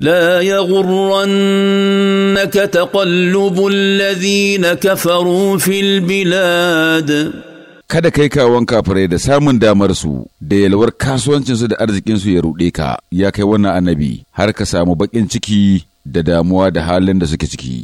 لا يغرنك تقلب الذين كفروا في البلاد kada kai kawon kafirai da samun damar su da yalwar kasuwancinsu da arzikinsu ya ruɗe ka ya kai wannan annabi har ka samu baƙin ciki da damuwa da halin da suke ciki